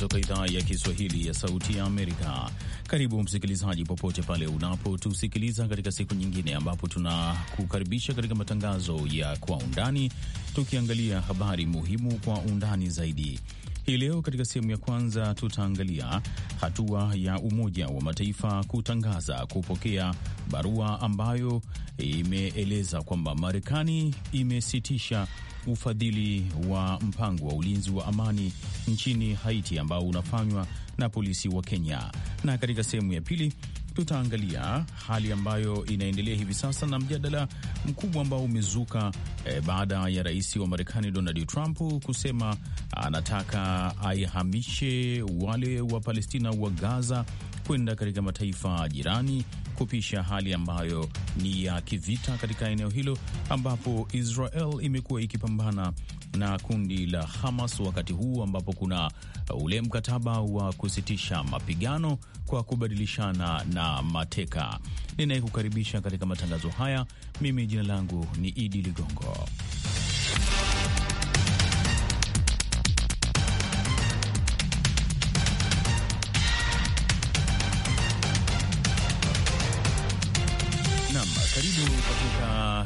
kutoka idhaa ya Kiswahili ya Sauti ya Amerika. Karibu msikilizaji, popote pale unapotusikiliza katika siku nyingine, ambapo tunakukaribisha katika matangazo ya Kwa Undani, tukiangalia habari muhimu kwa undani zaidi. Hii leo katika sehemu ya kwanza tutaangalia hatua ya Umoja wa Mataifa kutangaza kupokea barua ambayo imeeleza kwamba Marekani imesitisha ufadhili wa mpango wa ulinzi wa amani nchini Haiti ambao unafanywa na polisi wa Kenya, na katika sehemu ya pili tutaangalia hali ambayo inaendelea hivi sasa na mjadala mkubwa ambao umezuka e, baada ya rais wa Marekani Donald Trump kusema anataka aihamishe wale wa Palestina wa Gaza kwenda katika mataifa jirani kupisha hali ambayo ni ya kivita katika eneo hilo ambapo Israel imekuwa ikipambana na kundi la Hamas wakati huu ambapo kuna ule mkataba wa kusitisha mapigano kwa kubadilishana na mateka. Ninayekukaribisha katika matangazo haya mimi, jina langu ni Idi Ligongo.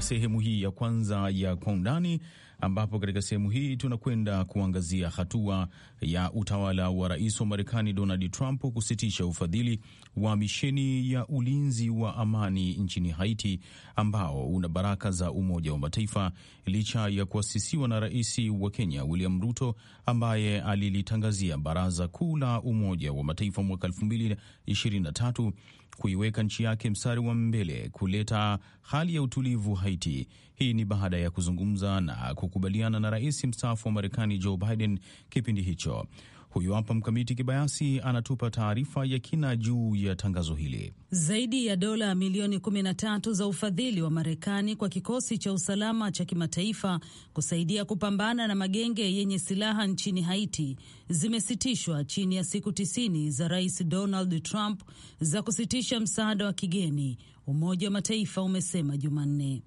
sehemu hii ya kwanza ya Kwa Undani ambapo katika sehemu hii tunakwenda kuangazia hatua ya utawala wa rais wa Marekani Donald Trump kusitisha ufadhili wa misheni ya ulinzi wa amani nchini Haiti ambao una baraka za Umoja wa Mataifa licha ya kuasisiwa na rais wa Kenya William Ruto ambaye alilitangazia Baraza Kuu la Umoja wa Mataifa mwaka 2023 kuiweka nchi yake mstari wa mbele kuleta hali ya utulivu Haiti. Hii ni baada ya kuzungumza na kuku kukubaliana na rais mstaafu wa Marekani Joe Biden kipindi hicho. Huyu hapa Mkamiti Kibayasi anatupa taarifa ya kina juu ya tangazo hili. Zaidi ya dola milioni 13 za ufadhili wa Marekani kwa kikosi cha usalama cha kimataifa kusaidia kupambana na magenge yenye silaha nchini Haiti zimesitishwa chini ya siku tisini za Rais Donald Trump za kusitisha msaada wa kigeni, Umoja wa Mataifa umesema Jumanne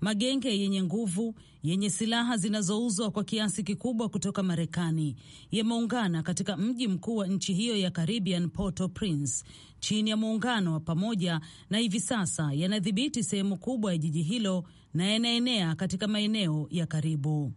magenge yenye nguvu yenye silaha zinazouzwa kwa kiasi kikubwa kutoka Marekani yameungana katika mji mkuu wa nchi hiyo ya Caribbean, Port-au-Prince, chini ya muungano wa pamoja, na hivi sasa yanadhibiti sehemu kubwa ya jiji hilo na yanaenea katika maeneo ya karibu.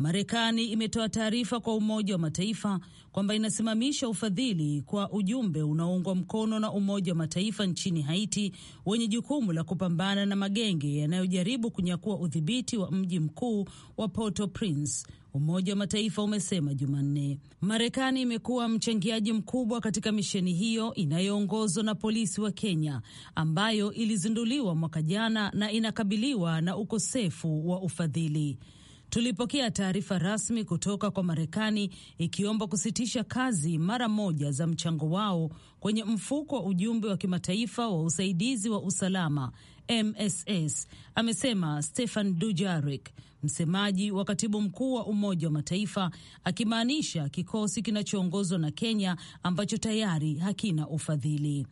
Marekani imetoa taarifa kwa Umoja wa Mataifa kwamba inasimamisha ufadhili kwa ujumbe unaoungwa mkono na Umoja wa Mataifa nchini Haiti wenye jukumu la kupambana na magenge yanayojaribu kunyakua udhibiti wa mji mkuu wa Port-au-Prince. Umoja wa Mataifa umesema Jumanne. Marekani imekuwa mchangiaji mkubwa katika misheni hiyo inayoongozwa na polisi wa Kenya, ambayo ilizinduliwa mwaka jana na inakabiliwa na ukosefu wa ufadhili tulipokea taarifa rasmi kutoka kwa Marekani ikiomba kusitisha kazi mara moja za mchango wao kwenye mfuko wa ujumbe wa kimataifa wa usaidizi wa usalama MSS, amesema Stefan Dujarric, msemaji wa katibu mkuu wa Umoja wa Mataifa, akimaanisha kikosi kinachoongozwa na Kenya ambacho tayari hakina ufadhili.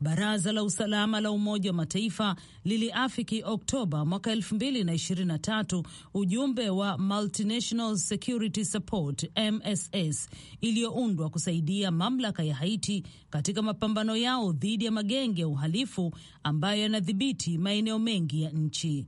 Baraza la Usalama la Umoja wa Mataifa liliafiki Oktoba mwaka 2023 ujumbe wa Multinational Security Support MSS iliyoundwa kusaidia mamlaka ya Haiti katika mapambano yao dhidi ya magenge ya uhalifu ambayo yanadhibiti maeneo mengi ya nchi.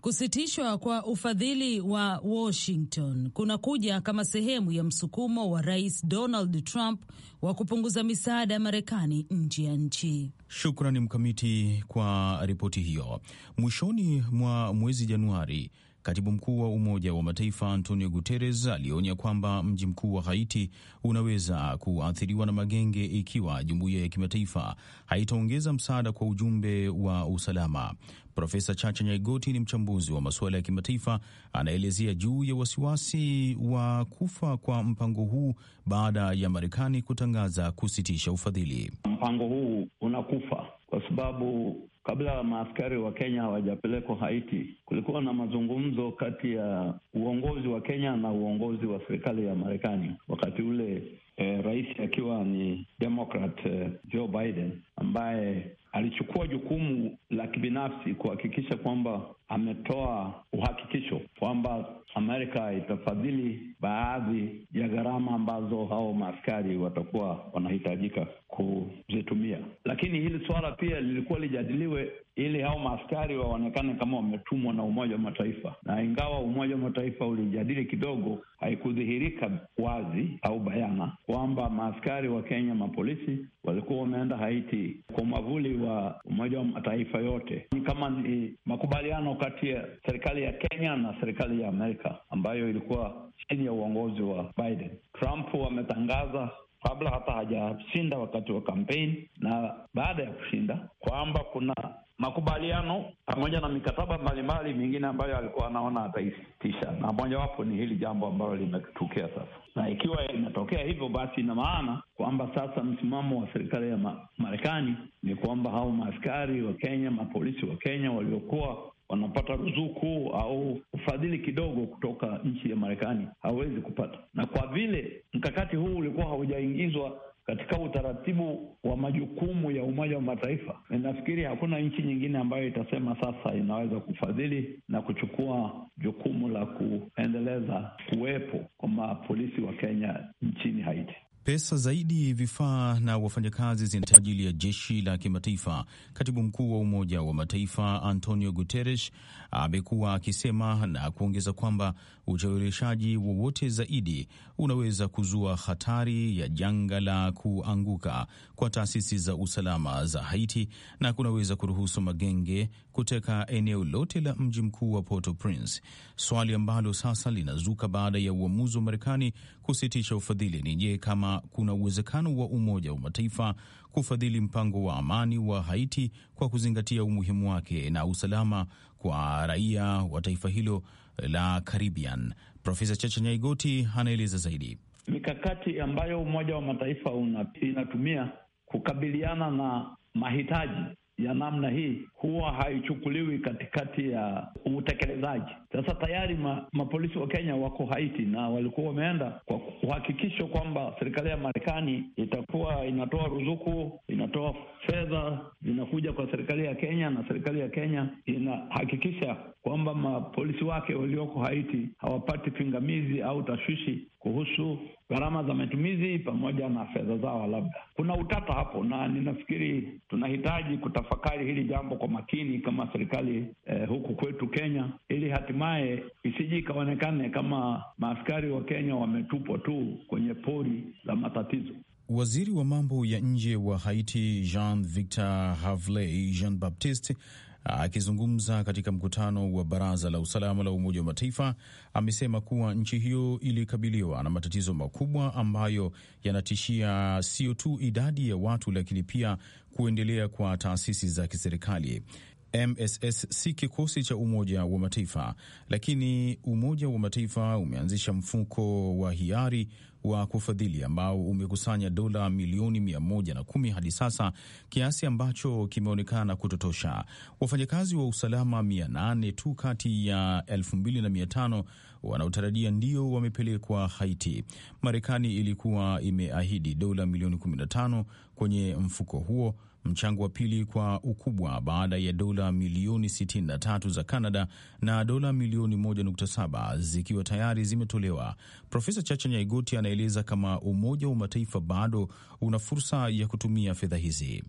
Kusitishwa kwa ufadhili wa Washington kunakuja kama sehemu ya msukumo wa Rais Donald Trump wa kupunguza misaada ya Marekani nje ya nchi. Shukrani Mkamiti kwa ripoti hiyo. Mwishoni mwa mwezi Januari Katibu mkuu wa Umoja wa Mataifa Antonio Guterres alionya kwamba mji mkuu wa Haiti unaweza kuathiriwa na magenge ikiwa jumuiya ya kimataifa haitaongeza msaada kwa ujumbe wa usalama. Profesa Chacha Nyaigoti ni mchambuzi wa masuala ya kimataifa, anaelezea juu ya wasiwasi wa kufa kwa mpango huu baada ya Marekani kutangaza kusitisha ufadhili. Mpango huu unakufa kwa sababu kabla maaskari wa Kenya hawajapelekwa Haiti, kulikuwa na mazungumzo kati ya uongozi wa Kenya na uongozi wa serikali ya Marekani wakati ule, eh, rais akiwa ni Democrat eh, Joe Biden ambaye alichukua jukumu la kibinafsi kuhakikisha kwamba ametoa uhakikisho kwamba Amerika itafadhili baadhi ya gharama ambazo hao maaskari watakuwa wanahitajika kuzitumia. Lakini hili suala pia lilikuwa lijadiliwe ili hao maaskari waonekane kama wametumwa na Umoja wa Mataifa, na ingawa Umoja wa Mataifa ulijadili kidogo, haikudhihirika wazi au bayana kwamba maaskari wa Kenya, mapolisi walikuwa wameenda Haiti kwa mwavuli wa Umoja wa Mataifa yote. Ni kama ni makubaliano kati ya serikali ya Kenya na serikali ya Amerika ambayo ilikuwa chini ya uongozi wa Biden. Trump ametangaza kabla hata hajashinda wakati wa kampeni na baada ya kushinda, kwamba kuna makubaliano pamoja na mikataba mbalimbali mingine ambayo alikuwa anaona ataisitisha, na mojawapo ni hili jambo ambalo limetokea sasa. Na ikiwa imetokea hivyo, basi ina maana kwamba sasa msimamo wa serikali ya ma Marekani ni kwamba hao maaskari wa Kenya, mapolisi wa Kenya waliokuwa wanapata ruzuku au ufadhili kidogo kutoka nchi ya Marekani hawezi kupata, na kwa vile mkakati huu ulikuwa haujaingizwa katika utaratibu wa majukumu ya Umoja wa Mataifa, ninafikiri hakuna nchi nyingine ambayo itasema sasa inaweza kufadhili na kuchukua jukumu la kuendeleza kuwepo kwa mapolisi wa Kenya nchini Haiti. Pesa zaidi, vifaa na wafanyakazi zinatolewa kwa ajili ya jeshi la kimataifa. Katibu mkuu wa Umoja wa Mataifa Antonio Guterres amekuwa akisema na kuongeza kwamba uchewereshaji wowote zaidi unaweza kuzua hatari ya janga la kuanguka kwa taasisi za usalama za Haiti na kunaweza kuruhusu magenge kuteka eneo lote la mji mkuu wa Port-au-Prince, swali ambalo sasa linazuka baada ya uamuzi wa Marekani kusitisha ufadhili ni je, kama kuna uwezekano wa Umoja wa Mataifa kufadhili mpango wa amani wa Haiti kwa kuzingatia umuhimu wake na usalama kwa raia wa taifa hilo la Caribbean. Profesa Chacha Nyaigoti anaeleza zaidi mikakati ambayo Umoja wa Mataifa inatumia kukabiliana na mahitaji ya namna hii huwa haichukuliwi katikati ya utekelezaji. Sasa tayari ma, mapolisi wa Kenya wako Haiti na walikuwa wameenda kwa kuhakikisha kwamba serikali ya Marekani itakuwa inatoa ruzuku, inatoa fedha zinakuja kwa serikali ya Kenya, na serikali ya Kenya inahakikisha kwamba mapolisi wake walioko Haiti hawapati pingamizi au tashwishi kuhusu gharama za matumizi pamoja na fedha zao. Labda kuna utata hapo, na ninafikiri tunahitaji kutafakari hili jambo kwa makini kama serikali eh, huku kwetu Kenya, ili hatimaye isiji ikaonekane kama maaskari wa Kenya wametupwa tu kwenye pori la matatizo. Waziri wa mambo ya nje wa Haiti Jean Victor Havley Jean Baptiste akizungumza katika mkutano wa Baraza la Usalama la Umoja wa Mataifa amesema kuwa nchi hiyo ilikabiliwa na matatizo makubwa ambayo yanatishia sio tu idadi ya watu, lakini pia kuendelea kwa taasisi za kiserikali. MSS si kikosi cha Umoja wa Mataifa, lakini Umoja wa Mataifa umeanzisha mfuko wa hiari wa kufadhili ambao umekusanya dola milioni mia hadi sasa, kiasi ambacho kimeonekana kutotosha. Wafanyakazi wa usalama 8 tu kati ya 25 wanaotarajia ndio wamepelekwa Haiti. Marekani ilikuwa imeahidi dola milioni 15 kwenye mfuko huo mchango wa pili kwa ukubwa baada ya dola milioni 63 za Canada na dola milioni 1.7 zikiwa tayari zimetolewa. Profesa Chacha Nyaigoti anaeleza kama Umoja wa Mataifa bado una fursa ya kutumia fedha hizi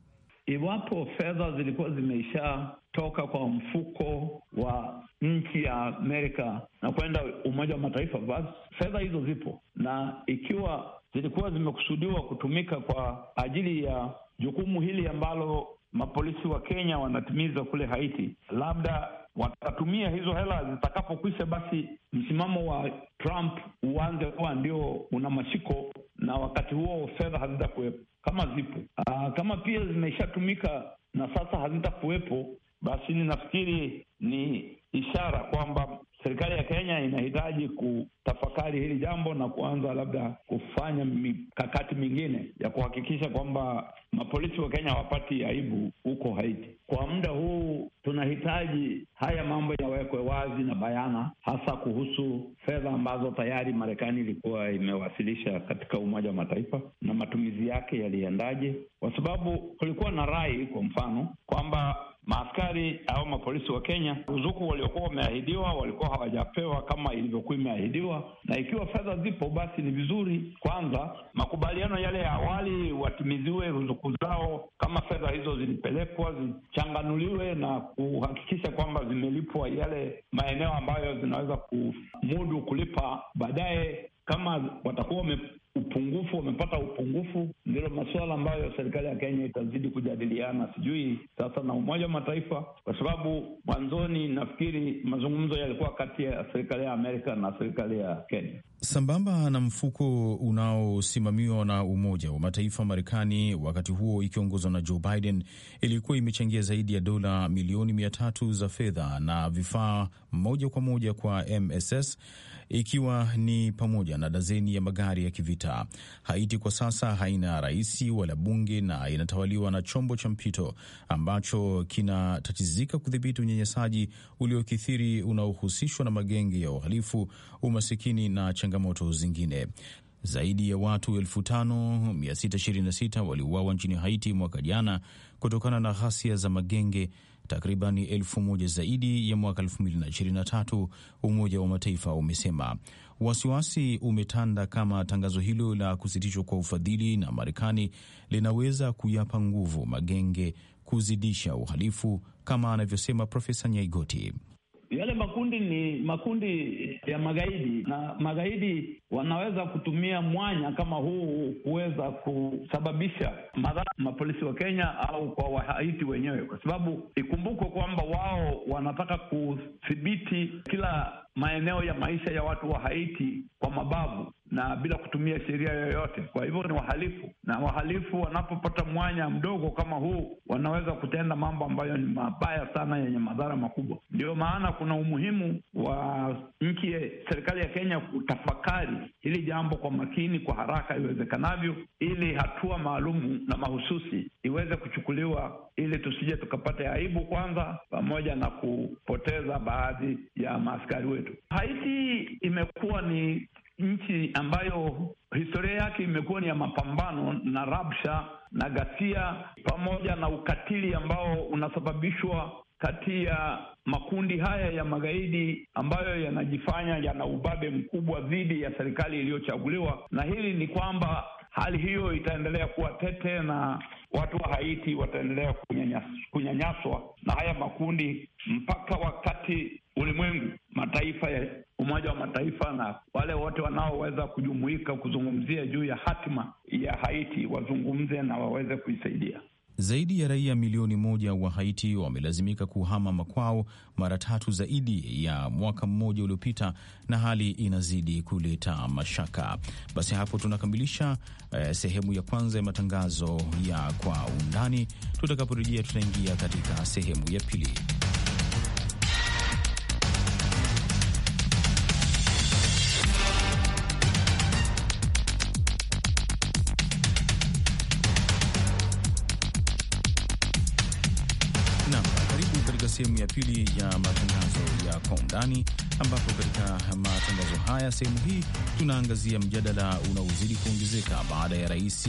iwapo fedha zilikuwa zimeshatoka kwa mfuko wa nchi ya Amerika na kwenda Umoja wa Mataifa, basi fedha hizo zipo, na ikiwa zilikuwa zimekusudiwa kutumika kwa ajili ya jukumu hili ambalo mapolisi wa Kenya wanatimiza kule Haiti, labda watatumia hizo hela zitakapokwisha, basi msimamo wa Trump uanze kuwa ndio una mashiko, na wakati huo fedha hazitakuwepo kama zipo. Aa, ah, kama pia zimeshatumika na sasa hazitakuwepo, basi nafikiri ni ishara kwamba serikali ya Kenya inahitaji kutafakari hili jambo na kuanza labda kufanya mikakati mingine ya kuhakikisha kwamba mapolisi wa Kenya hawapati aibu huko Haiti. Kwa muda huu tunahitaji haya mambo yawekwe wazi na bayana, hasa kuhusu fedha ambazo tayari Marekani ilikuwa imewasilisha katika Umoja wa Mataifa na matumizi yake yaliendaje, kwa sababu kulikuwa na rai, kwa mfano kwamba maaskari au mapolisi wa Kenya ruzuku waliokuwa wameahidiwa walikuwa hawajapewa kama ilivyokuwa imeahidiwa, na ikiwa fedha zipo, basi ni vizuri kwanza makubaliano yale ya awali watimiziwe ruzuku zao, kama fedha hizo zilipelekwa zichanganuliwe na kuhakikisha kwamba zimelipwa yale maeneo ambayo zinaweza kumudu kulipa baadaye. Kama watakuwa upungufu wamepata upungufu, ndilo masuala ambayo serikali ya Kenya itazidi kujadiliana, sijui sasa na Umoja wa Mataifa, kwa sababu mwanzoni nafikiri mazungumzo yalikuwa kati ya serikali ya Amerika na serikali ya Kenya sambamba na mfuko unaosimamiwa na Umoja wa Mataifa. Marekani wakati huo ikiongozwa na Joe Biden ilikuwa imechangia zaidi ya dola milioni mia tatu za fedha na vifaa moja kwa moja kwa MSS ikiwa ni pamoja na dazeni ya magari ya kivita. Haiti kwa sasa haina rais wala bunge na inatawaliwa na chombo cha mpito ambacho kinatatizika kudhibiti unyanyasaji uliokithiri unaohusishwa na magenge ya uhalifu, umasikini na changamoto zingine. Zaidi ya watu elfu waliuawa nchini Haiti mwaka jana kutokana na ghasia za magenge takriban elfu moja zaidi ya mwaka 223 Umoja wa Mataifa umesema. Wasiwasi umetanda kama tangazo hilo la kusitishwa kwa ufadhili na Marekani linaweza kuyapa nguvu magenge kuzidisha uhalifu, kama anavyosema Profesa Nyaigoti. Yale makundi ni makundi ya magaidi, na magaidi wanaweza kutumia mwanya kama huu kuweza kusababisha madhara mapolisi wa Kenya au kwa Wahaiti wenyewe, kwa sababu ikumbukwe kwamba wao wanataka kudhibiti kila maeneo ya maisha ya watu wa Haiti kwa mabavu na bila kutumia sheria yoyote. Kwa hivyo ni wahalifu, na wahalifu wanapopata mwanya mdogo kama huu, wanaweza kutenda mambo ambayo ni mabaya sana, yenye madhara makubwa. Ndiyo maana kuna umuhimu wa nchi, serikali ya Kenya kutafakari hili jambo kwa makini, kwa haraka iwezekanavyo, ili hatua maalumu na mahususi iweze kuchukuliwa ili tusije tukapata aibu kwanza, pamoja na kupoteza baadhi ya maaskari wetu. Haiti imekuwa ni nchi ambayo historia yake imekuwa ni ya mapambano na rabsha na ghasia pamoja na ukatili ambao unasababishwa kati ya makundi haya ya magaidi ambayo yanajifanya yana ubabe mkubwa dhidi ya serikali iliyochaguliwa, na hili ni kwamba hali hiyo itaendelea kuwa tete na watu wa Haiti wataendelea kunyanyaswa, kunyanyaswa na haya makundi mpaka wakati ulimwengu, mataifa ya Umoja wa Mataifa na wale wote wanaoweza kujumuika kuzungumzia juu ya hatima ya Haiti wazungumze na waweze kuisaidia. Zaidi ya raia milioni moja wa Haiti wamelazimika kuhama makwao mara tatu zaidi ya mwaka mmoja uliopita, na hali inazidi kuleta mashaka. Basi hapo tunakamilisha eh, sehemu ya kwanza ya matangazo ya Kwa Undani. Tutakaporejea tutaingia katika sehemu ya pili. Kwa Undani, ambapo katika matangazo haya sehemu hii tunaangazia mjadala unaozidi kuongezeka baada ya rais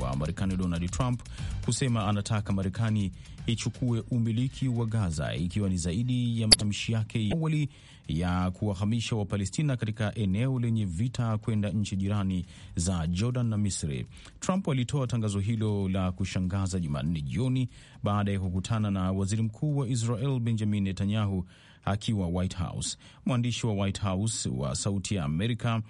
wa Marekani Donald Trump kusema anataka Marekani ichukue umiliki wa Gaza, ikiwa ni zaidi ya matamshi yake ya awali ya kuwahamisha Wapalestina katika eneo lenye vita kwenda nchi jirani za Jordan na Misri. Trump alitoa tangazo hilo la kushangaza Jumanne jioni baada ya kukutana na waziri mkuu wa Israel Benjamin Netanyahu akiwa White House. Mwandishi wa White House wa Sauti ya Amerika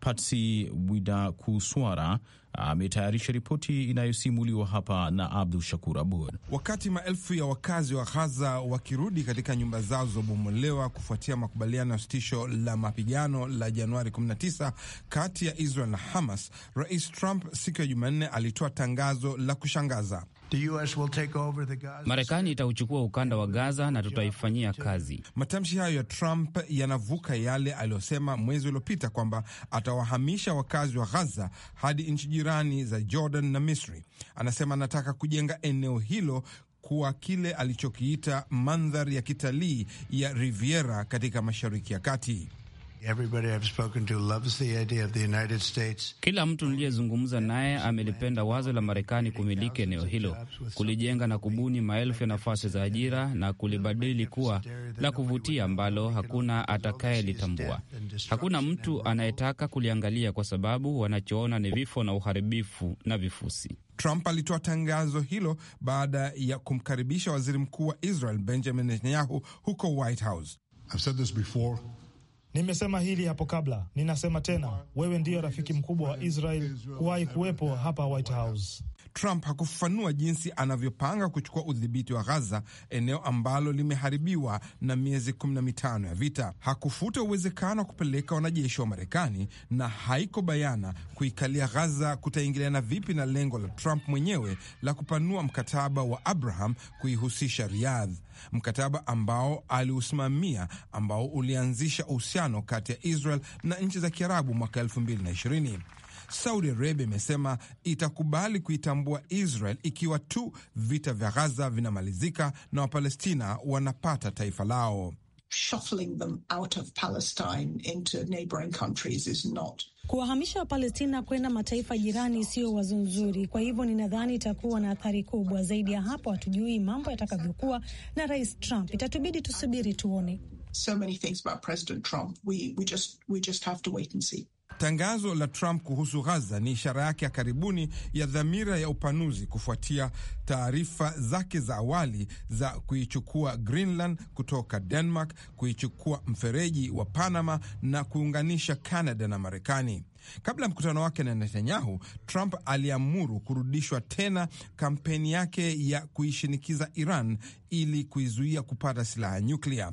Patsy Widakuswara ametayarisha ripoti inayosimuliwa hapa na Abdul Shakur Abud. Wakati maelfu ya wakazi wa Ghaza wakirudi katika nyumba zao zilizobomolewa kufuatia makubaliano ya sitisho la mapigano la Januari 19 kati ya Israel na Hamas, Rais Trump siku ya Jumanne alitoa tangazo la kushangaza. Marekani itauchukua ukanda wa Gaza na tutaifanyia kazi. Matamshi hayo ya Trump yanavuka yale aliyosema mwezi uliopita kwamba atawahamisha wakazi wa Gaza hadi nchi jirani za Jordan na Misri. Anasema anataka kujenga eneo hilo kuwa kile alichokiita mandhari ya kitalii ya Riviera katika Mashariki ya Kati. Kila mtu niliyezungumza naye amelipenda wazo la Marekani kumiliki eneo hilo, kulijenga na kubuni maelfu ya nafasi za ajira na kulibadili kuwa la kuvutia ambalo hakuna atakayelitambua. Hakuna mtu anayetaka kuliangalia kwa sababu wanachoona ni vifo na uharibifu na vifusi. Trump alitoa tangazo hilo baada ya kumkaribisha waziri mkuu wa Israel Benjamin Netanyahu huko White House. Nimesema hili hapo kabla, ninasema tena, wewe ndiyo rafiki mkubwa wa Israel kuwahi kuwepo hapa White House. Trump hakufafanua jinsi anavyopanga kuchukua udhibiti wa Gaza, eneo ambalo limeharibiwa na miezi 15 ya vita. Hakufuta uwezekano wa kupeleka wanajeshi wa Marekani na haiko bayana kuikalia Gaza kutaingiliana vipi na lengo la Trump mwenyewe la kupanua mkataba wa Abraham kuihusisha Riyadh, mkataba ambao aliusimamia, ambao ulianzisha uhusiano kati ya Israel na nchi za Kiarabu mwaka 2020. Saudi Arabia imesema itakubali kuitambua Israel ikiwa tu vita vya Ghaza vinamalizika na Wapalestina wanapata taifa lao. Kuwahamisha Wapalestina kwenda mataifa jirani siyo wazo nzuri. Kwa hivyo ninadhani itakuwa na athari kubwa zaidi ya hapo. Hatujui mambo yatakavyokuwa na Rais Trump, itatubidi tusubiri tuone. So many things about President Trump. We, we just, we just have to wait and see. Tangazo la Trump kuhusu Ghaza ni ishara yake ya karibuni ya dhamira ya upanuzi kufuatia taarifa zake za awali za kuichukua Greenland kutoka Denmark, kuichukua mfereji wa Panama na kuunganisha Canada na Marekani. Kabla ya mkutano wake na Netanyahu, Trump aliamuru kurudishwa tena kampeni yake ya kuishinikiza Iran ili kuizuia kupata silaha nyuklia.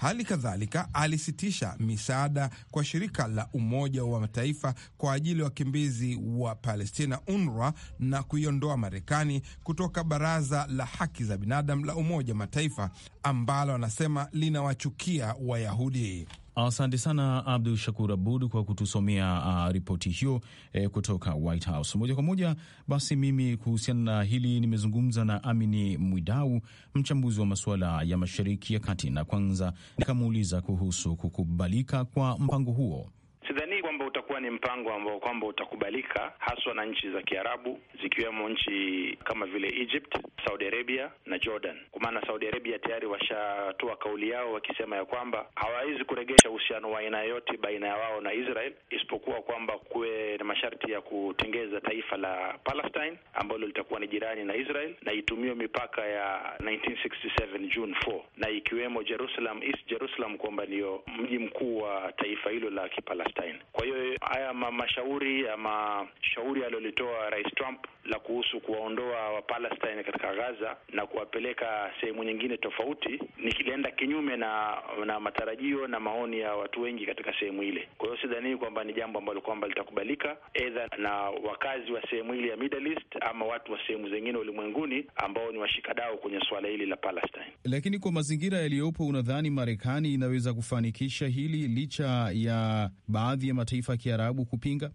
Hali kadhalika alisitisha misaada kwa shirika la Umoja wa Mataifa kwa ajili ya wa wakimbizi wa Palestina, UNRWA, na kuiondoa Marekani kutoka Baraza la Haki za Binadamu la Umoja wa Mataifa ambalo anasema linawachukia Wayahudi. Asante sana Abdu Shakur Abud kwa kutusomea uh, ripoti hiyo eh, kutoka White House moja kwa moja. Basi mimi kuhusiana na hili nimezungumza na Amini Mwidau, mchambuzi wa masuala ya Mashariki ya Kati, na kwanza nikamuuliza kuhusu kukubalika kwa mpango huo ulikuwa ni mpango ambao kwamba utakubalika haswa na nchi za Kiarabu zikiwemo nchi kama vile Egypt, Saudi Arabia na Jordan. Kwa maana Saudi Arabia tayari washatoa kauli yao wakisema ya kwamba hawawezi kuregesha uhusiano wa aina yoyote baina ya wao na Israel isipokuwa kwamba kuwe na masharti ya kutengeza taifa la Palestine ambalo litakuwa ni jirani na Israel na itumiwe mipaka ya 1967 June 4 na ikiwemo Jerusalem, East Jerusalem kwamba ndiyo mji mkuu wa taifa hilo la Kipalestine. Kwa hiyo haya mashauri ama shauri alilolitoa Rais Trump la kuhusu kuwaondoa wapalestin katika Gaza na kuwapeleka sehemu nyingine tofauti ni kilienda kinyume na na matarajio na maoni ya watu wengi katika sehemu ile. Kwa hiyo sidhani kwamba ni jambo ambalo kwamba litakubalika aidha na wakazi wa sehemu ile ya Middle East ama watu wa sehemu zingine ulimwenguni ambao ni washikadau kwenye suala hili la Palestine. Lakini kwa mazingira yaliyopo, unadhani Marekani inaweza kufanikisha hili licha ya baadhi ya mataifa Jarabu kupinga?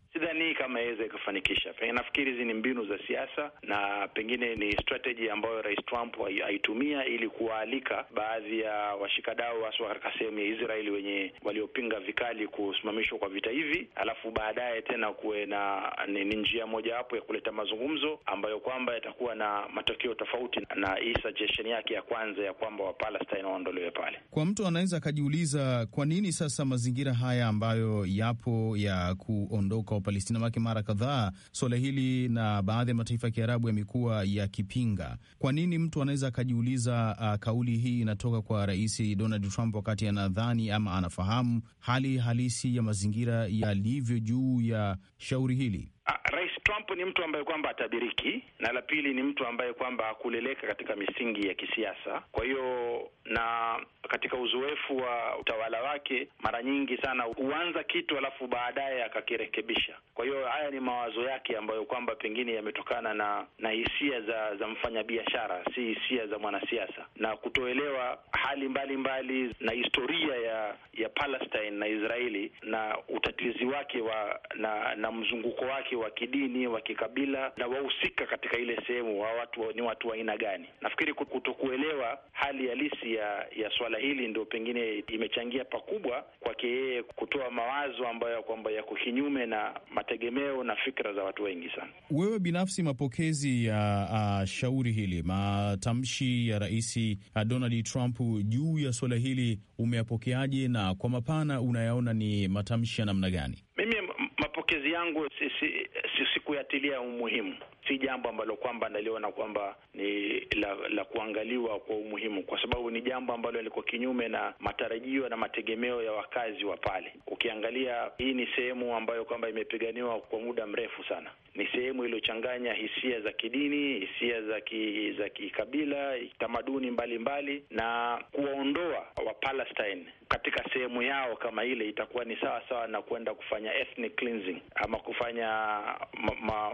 kama iweze ikafanikisha. Nafikiri hizi ni mbinu za siasa na pengine ni strategy ambayo Rais Trump aitumia ili kuwaalika baadhi ya washikadau haswa katika sehemu ya Israeli wenye waliopinga vikali kusimamishwa kwa vita hivi, alafu baadaye tena kuwe na ni njia mojawapo ya kuleta mazungumzo ambayo kwamba yatakuwa na matokeo tofauti na hii suggestion yake ya kwanza ya kwamba Wapalestina waondolewe pale. Kwa mtu anaweza akajiuliza kwa nini sasa mazingira haya ambayo yapo ya kuondoka Wapalestina make mara kadhaa suala hili, na baadhi ya mataifa ya Kiarabu yamekuwa yakipinga. Kwa nini? Mtu anaweza akajiuliza, uh, kauli hii inatoka kwa Rais Donald Trump wakati anadhani ama anafahamu hali halisi ya mazingira yalivyo juu ya shauri hili. Trump ni mtu ambaye kwamba atabiriki, na la pili ni mtu ambaye kwamba akuleleka katika misingi ya kisiasa. Kwa hiyo na katika uzoefu wa utawala wake, mara nyingi sana huanza kitu alafu baadaye akakirekebisha. Kwa hiyo haya ni mawazo yake ambayo kwamba pengine yametokana na na hisia za za mfanyabiashara, si hisia za mwanasiasa, na kutoelewa hali mbalimbali mbali, na historia ya ya Palestine na Israeli na utatizi wake wa na na mzunguko wake wa kidini wa kikabila na wahusika katika ile sehemu wa watu ni watu wa aina gani. Nafikiri kutokuelewa hali halisi ya ya swala hili ndio pengine imechangia pakubwa kwake yeye kutoa mawazo ambayo kwamba yako kinyume na mategemeo na fikra za watu wengi sana. Wewe binafsi, mapokezi ya uh, shauri hili, matamshi ya Rais uh, Donald Trump juu ya swala hili umeyapokeaje, na kwa mapana unayaona ni matamshi ya namna gani? mapokezi yangu sikuyatilia si, si, si umuhimu si jambo ambalo kwamba naliona kwamba ni la, la kuangaliwa kwa umuhimu, kwa sababu ni jambo ambalo liko kinyume na matarajio na mategemeo ya wakazi wa pale. Ukiangalia, hii ni sehemu ambayo kwamba imepiganiwa kwa muda mrefu sana. Ni sehemu iliyochanganya hisia za kidini, hisia za ki, za kikabila, tamaduni mbalimbali, na kuwaondoa Wapalestine katika sehemu yao kama ile itakuwa ni sawa sawa na kwenda kufanya ethnic cleansing ama kufanya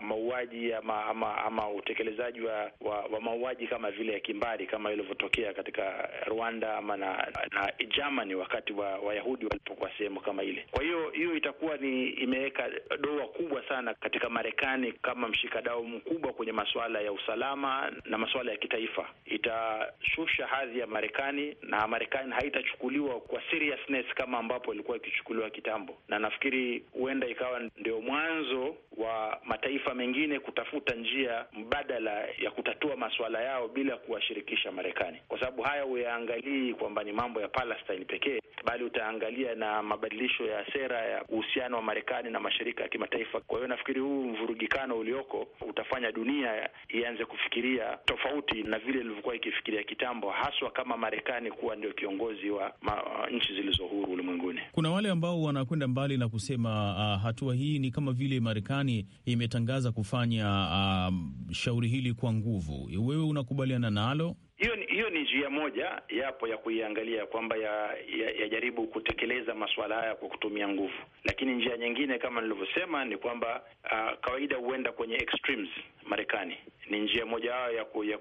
mauaji ma, ma, ama ama ama utekelezaji wa, wa, wa mauaji kama vile ya kimbari kama ilivyotokea katika Rwanda ama na, na Germany wakati wa Wayahudi walipokuwa sehemu kama ile. Kwa hiyo hiyo itakuwa ni imeweka doa kubwa sana katika Marekani kama mshikadau mkubwa kwenye masuala ya usalama na masuala ya kitaifa. Itashusha hadhi ya Marekani na Marekani haitachukuliwa kwa seriousness kama ambapo ilikuwa ikichukuliwa kitambo, na nafikiri huenda ikawa ndio mwanzo wa mataifa mengine kutafuta kutafuta njia mbadala ya kutatua masuala yao bila kuwashirikisha Marekani, kwa sababu haya huyaangalii kwamba ni mambo ya Palestine pekee, bali utaangalia na mabadilisho ya sera ya uhusiano wa Marekani na mashirika ya kimataifa. Kwa hiyo nafikiri huu mvurugikano ulioko utafanya dunia ianze kufikiria tofauti na vile ilivyokuwa ikifikiria kitambo, haswa kama Marekani kuwa ndio kiongozi wa ma, nchi zilizo huru ulimwenguni. Kuna wale ambao wanakwenda mbali na kusema uh, hatua hii ni kama vile Marekani imetangaza kufanya uh, um, shauri hili kwa nguvu, wewe unakubaliana nalo? Hiyo ni, hiyo ni njia moja yapo ya kuiangalia kwamba yajaribu ya, ya kutekeleza masuala haya kwa kutumia nguvu, lakini njia nyingine kama nilivyosema ni kwamba uh, kawaida huenda kwenye extremes Marekani. Ni njia moja yao ya ku, ya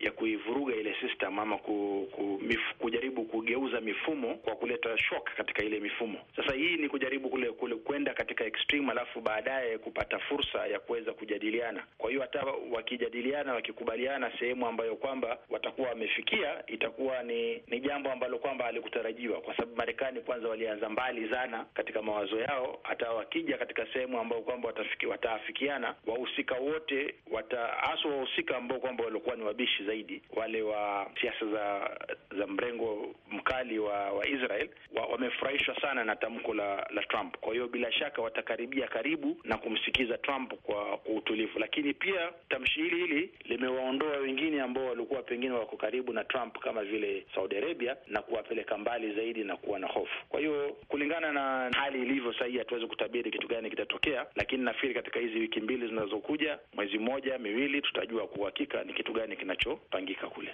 ya kuivuruga ile system ama ku, ku, mif, kujaribu kugeuza mifumo kwa kuleta shock katika ile mifumo. Sasa hii ni kujaribu kule kule kwenda katika extreme, alafu baadaye kupata fursa ya kuweza kujadiliana. Kwa hiyo hata wakijadiliana, wakikubaliana sehemu ambayo kwamba watakuwa wamefikia, itakuwa ni ni jambo ambalo kwamba halikutarajiwa, kwa sababu Marekani kwanza walianza mbali sana katika mawazo yao. Hata wakija katika sehemu ambayo kwamba wataafikiana, wahusika wote wataaswa wahusika ambao kwamba walikuwa ni wabishi zaidi wale wa siasa za za mrengo mkali wa wa Israel wamefurahishwa wa sana na tamko la la Trump. Kwa hiyo bila shaka watakaribia karibu na kumsikiza Trump kwa kwa utulivu, lakini pia tamshi hili hili limewaondoa wengine ambao walikuwa pengine wako karibu na Trump kama vile Saudi Arabia na kuwapeleka mbali zaidi na kuwa na hofu. Kwa hiyo kulingana na hali ilivyo sahii, hatuwezi kutabiri kitu gani kitatokea, lakini nafikiri katika hizi wiki mbili zinazokuja mwezi moja miwili, tutajua kwa hakika ni kitu gani kinachopangika kule.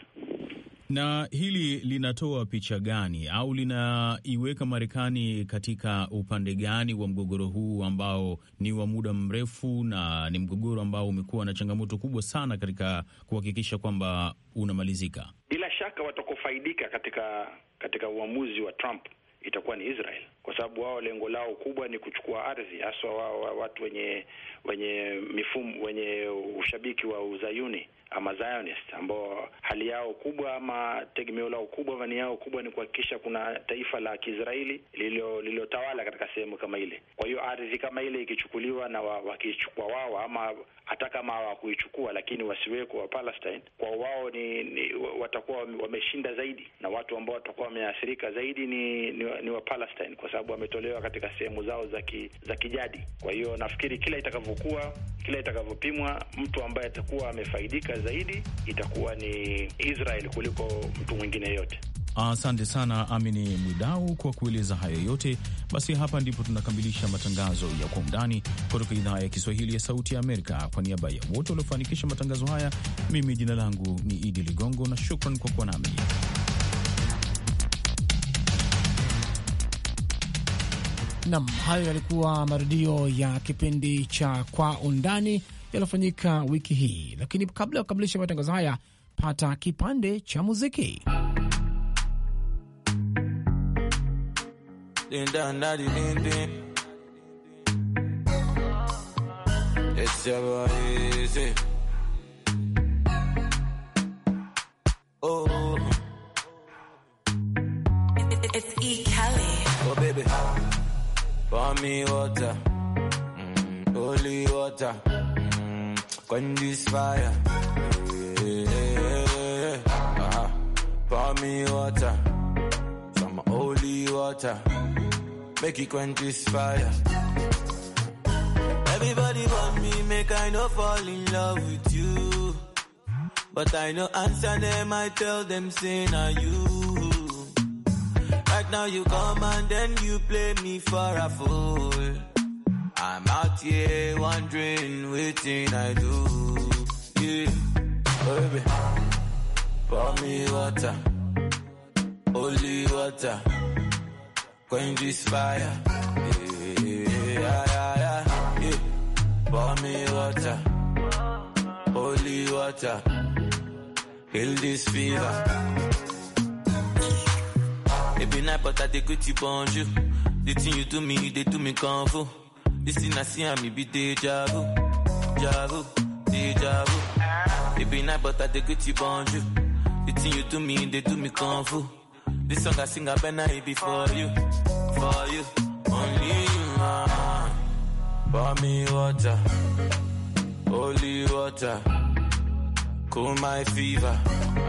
Na hili linatoa picha gani au linaiweka Marekani katika upande gani wa mgogoro huu ambao ni wa muda mrefu na ni mgogoro ambao umekuwa na changamoto kubwa sana katika kuhakikisha kwamba unamalizika? Bila shaka watakofaidika katika katika uamuzi wa Trump itakuwa ni Israel, kwa sababu wao lengo lao kubwa ni kuchukua ardhi, haswa wao watu wenye wenye mifumo wenye ushabiki wa uzayuni ama Zionist ambao hali yao kubwa ama tegemeo lao kubwa, vani yao kubwa ni kuhakikisha kuna taifa la Kiisraeli lililotawala katika sehemu kama ile. Kwa hiyo ardhi kama ile ikichukuliwa na wakichukua wa wao, ama hata kama hawakuichukua lakini wasiweko wa Palestine, kwa wao ni, ni watakuwa wameshinda zaidi, na watu ambao watakuwa wameathirika zaidi ni, ni, ni wa Palestine kwa sababu wametolewa katika sehemu zao za ki, za kijadi. Kwa hiyo nafikiri kila itakavyokuwa, kila itakavyopimwa, mtu ambaye atakuwa amefaidika kuaminika zaidi itakuwa ni Israel kuliko mtu mwingine yote. Asante sana Amini Mwidau kwa kueleza hayo yote. Basi hapa ndipo tunakamilisha matangazo ya Kwa Undani kutoka idhaa ya Kiswahili ya Sauti ya Amerika. Kwa niaba ya wote waliofanikisha matangazo haya, mimi jina langu ni Idi Ligongo na shukran kwa kuwa nami. Nam, hayo yalikuwa marudio ya kipindi cha Kwa Undani yaliyofanyika wiki hii. Lakini kabla ya kukamilisha matangazo haya, pata kipande cha muziki. Oh. E, e, e, oh. baby. Gun this fire. Yeah, uh-huh. Pour me water. Some holy water. Make it quench this fire. Everybody want me, make I no fall in love with you. But I no answer them, I tell them, sin now you. Right now you come and then you play me for a fool yeah, wondering waiting I do, yeah, oh, baby. Pour me water, holy water, quench this fire, yeah, yeah, yeah, yeah. Pour me water, holy water, heal this fever. It be night, but I take with you bonjour. The thing you do me, they do me comfort. This thing I see me be deja vu, deja vu, deja vu. Baby night, but I dey greet you bonjour. The thing you do me, they do me kung fu. This song I sing, I better it be for you, for you, only you, man. Ah. Pour me water, holy water, cool my fever.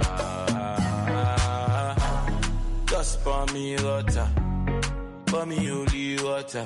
ah, Just pour me water, pour me holy water.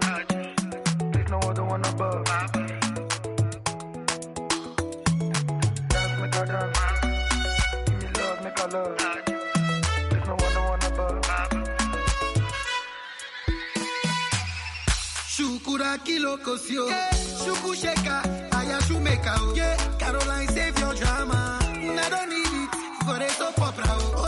There's no other one above. Dance, make dance. Give me love, make love. There's no other one above. Shukura shukusheka, ayashumeka. Caroline save your drama. I don't need it, for it's so popular.